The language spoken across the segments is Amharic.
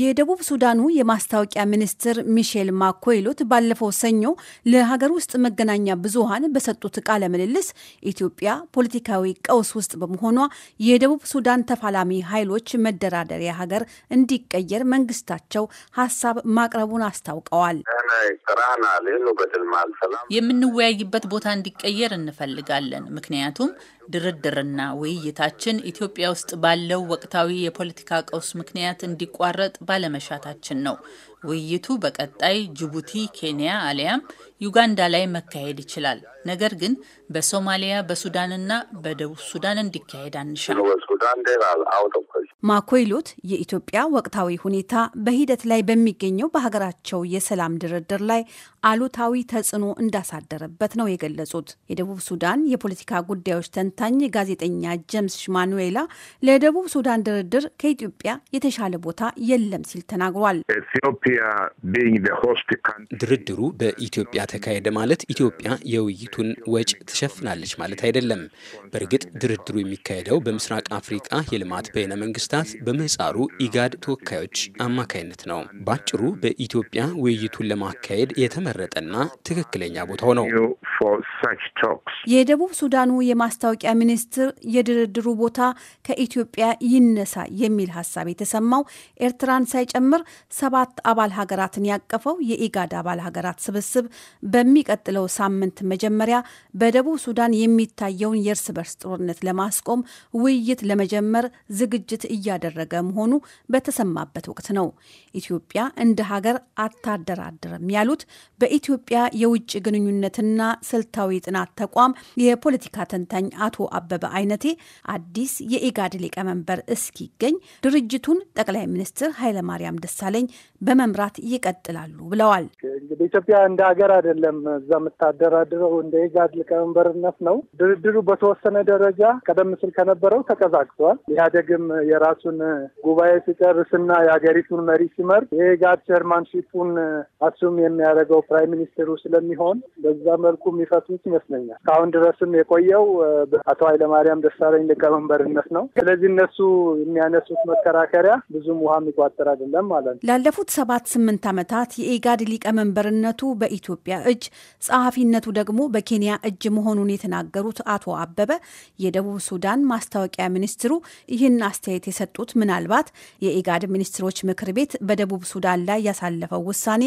የደቡብ ሱዳኑ የማስታወቂያ ሚኒስትር ሚሼል ማኮይሎት ባለፈው ሰኞ ለሀገር ውስጥ መገናኛ ብዙሃን በሰጡት ቃለ ምልልስ ኢትዮጵያ ፖለቲካዊ ቀውስ ውስጥ በመሆኗ የደቡብ ሱዳን ተፋላሚ ኃይሎች መደራደሪያ ሀገር እንዲቀየር መንግስታቸው ሀሳብ ማቅረቡን አስታውቀዋል። የምንወያይበት ቦታ እንዲቀየር እንፈልጋለን። ምክንያቱም ድርድርና ውይይታችን ኢትዮጵያ ውስጥ ባለው ወቅታዊ የፖለቲካ ቀውስ ምክንያት እንዲቋረጥ ባለመሻታችን ነው። ውይይቱ በቀጣይ ጅቡቲ፣ ኬንያ አሊያም ዩጋንዳ ላይ መካሄድ ይችላል። ነገር ግን በሶማሊያ በሱዳንና በደቡብ ሱዳን እንዲካሄድ አንሻል። ማኮይሎት የኢትዮጵያ ወቅታዊ ሁኔታ በሂደት ላይ በሚገኘው በሀገራቸው የሰላም ድርድር ላይ አሉታዊ ተጽዕኖ እንዳሳደረበት ነው የገለጹት። የደቡብ ሱዳን የፖለቲካ ጉዳዮች ተንታኝ ጋዜጠኛ ጀምስ ሽማኑዌላ ለደቡብ ሱዳን ድርድር ከኢትዮጵያ የተሻለ ቦታ የለም ሲል ተናግሯል። ድርድሩ በኢትዮጵያ ተካሄደ ማለት ኢትዮጵያ የውይይቱን ወጪ ትሸፍናለች ማለት አይደለም። በእርግጥ ድርድሩ የሚካሄደው በምስራቅ አፍሪቃ የልማት በይነ መንግስት መንግስታት በምህጻሩ ኢጋድ ተወካዮች አማካይነት ነው። በአጭሩ በኢትዮጵያ ውይይቱን ለማካሄድ የተመረጠና ትክክለኛ ቦታው ነው። የደቡብ ሱዳኑ የማስታወቂያ ሚኒስትር የድርድሩ ቦታ ከኢትዮጵያ ይነሳ የሚል ሀሳብ የተሰማው ኤርትራን ሳይጨምር ሰባት አባል ሀገራትን ያቀፈው የኢጋድ አባል ሀገራት ስብስብ በሚቀጥለው ሳምንት መጀመሪያ በደቡብ ሱዳን የሚታየውን የእርስ በርስ ጦርነት ለማስቆም ውይይት ለመጀመር ዝግጅት እያደረገ መሆኑ በተሰማበት ወቅት ነው። ኢትዮጵያ እንደ ሀገር አታደራድርም ያሉት በኢትዮጵያ የውጭ ግንኙነትና ስልታዊ ጥናት ተቋም የፖለቲካ ተንታኝ አቶ አበበ አይነቴ አዲስ የኢጋድ ሊቀመንበር እስኪገኝ ድርጅቱን ጠቅላይ ሚኒስትር ኃይለማርያም ደሳለኝ በመምራት ይቀጥላሉ ብለዋል። በኢትዮጵያ ኢትዮጵያ እንደ ሀገር አይደለም እዛ የምታደራድረው እንደ ኢጋድ ሊቀመንበርነት ነው። ድርድሩ በተወሰነ ደረጃ ቀደም ሲል ከነበረው ተቀዛቅዟል። ኢህአዴግም የራሱን ጉባኤ ሲጨርስና የሀገሪቱን መሪ ሲመርጥ የኢጋድ ቸርማንሺፑን አሱም የሚያደርገው ፕራይም ሚኒስትሩ ስለሚሆን በዛ መልኩም የሚፈቱት ይመስለኛል። እስካሁን ድረስም የቆየው አቶ ኃይለማርያም ደሳለኝ ሊቀመንበርነት ነው። ስለዚህ እነሱ የሚያነሱት መከራከሪያ ብዙም ውሃ የሚቋጠር አይደለም ማለት ነው። ላለፉት ሰባት ስምንት ዓመታት የኢጋድ ሊቀመንበርነቱ በኢትዮጵያ እጅ ጸሐፊነቱ ደግሞ በኬንያ እጅ መሆኑን የተናገሩት አቶ አበበ የደቡብ ሱዳን ማስታወቂያ ሚኒስትሩ ይህን አስተያየት የሰጡት ምናልባት የኢጋድ ሚኒስትሮች ምክር ቤት በደቡብ ሱዳን ላይ ያሳለፈው ውሳኔ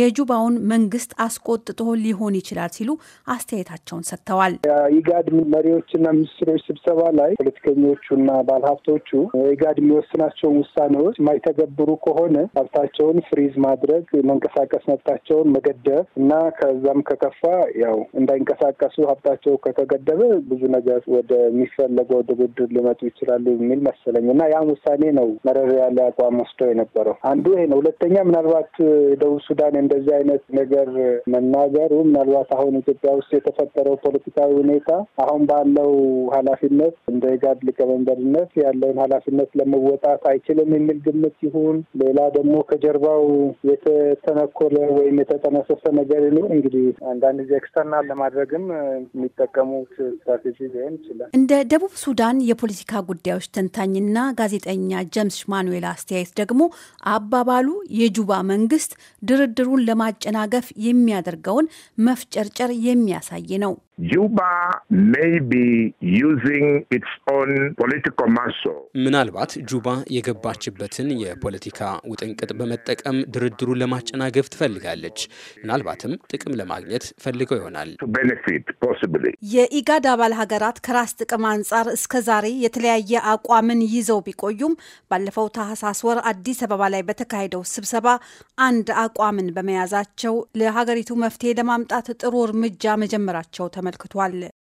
የጁባውን መንግስት አስቆጥጦ ሊሆን ይችላል ሲሉ አስተያየታቸውን ሰጥተዋል። የኢጋድ መሪዎችና ሚኒስትሮች ስብሰባ ላይ ፖለቲከኞቹና ባለሀብቶቹ ኢጋድ የሚወስናቸውን ውሳኔዎች የማይተገብሩ ከሆነ ሀብታቸውን ፍሪዝ ማድረግ፣ መንቀሳቀስ መብታቸውን መገደብ እና ከዛም ከከፋ ያው እንዳይንቀሳቀሱ ሀብታቸው ከተገደበ ብዙ ነገር ወደሚፈለገው ድርድር ሊመጡ ይችላሉ የሚል መሰለኝ እና ያም ውሳኔ ነው መረር ያለ አቋም ወስደው የነበረው አንዱ ይሄ ነው። ሁለተኛ ምናልባት ደቡብ ሱዳን እንደዚህ አይነት ነገር መናገሩ ምናልባት አሁን ኢትዮጵያ ውስጥ የተፈጠረው ፖለቲካዊ ሁኔታ አሁን ባለው ኃላፊነት እንደ ኢጋድ ሊቀመንበርነት ያለውን ኃላፊነት ለመወጣት አይችልም የሚል ግምት ይሁን ሌላ ደግሞ ከጀርባው የተተነኮለ ወይም የተጠነሰሰ ነገር ይኖር እንግዲህ አንዳንድ ጊዜ ኤክስተርናል ለማድረግም የሚጠቀሙት ስትራቴጂ ሊሆን ይችላል። እንደ ደቡብ ሱዳን የፖለቲካ ጉዳዮች ተንታኝና ጋዜጠኛ ጀምስ ማኑኤል አስተያየት ደግሞ አባባሉ የጁባ መንግስት ድርድሩን ለማጨናገፍ የሚያደርገውን መፍጨርጨር Mira, sí, ጁባ ምናልባት ጁባ የገባችበትን የፖለቲካ ውጥንቅጥ በመጠቀም ድርድሩን ለማጨናገፍ ትፈልጋለች። ምናልባትም ጥቅም ለማግኘት ፈልገው ይሆናል። የኢጋድ አባል ሀገራት ከራስ ጥቅም አንጻር እስከ ዛሬ የተለያየ አቋምን ይዘው ቢቆዩም ባለፈው ታህሳስ ወር አዲስ አበባ ላይ በተካሄደው ስብሰባ አንድ አቋምን በመያዛቸው ለሀገሪቱ መፍትሄ ለማምጣት ጥሩ እርምጃ መጀመራቸው ተመልክቷል።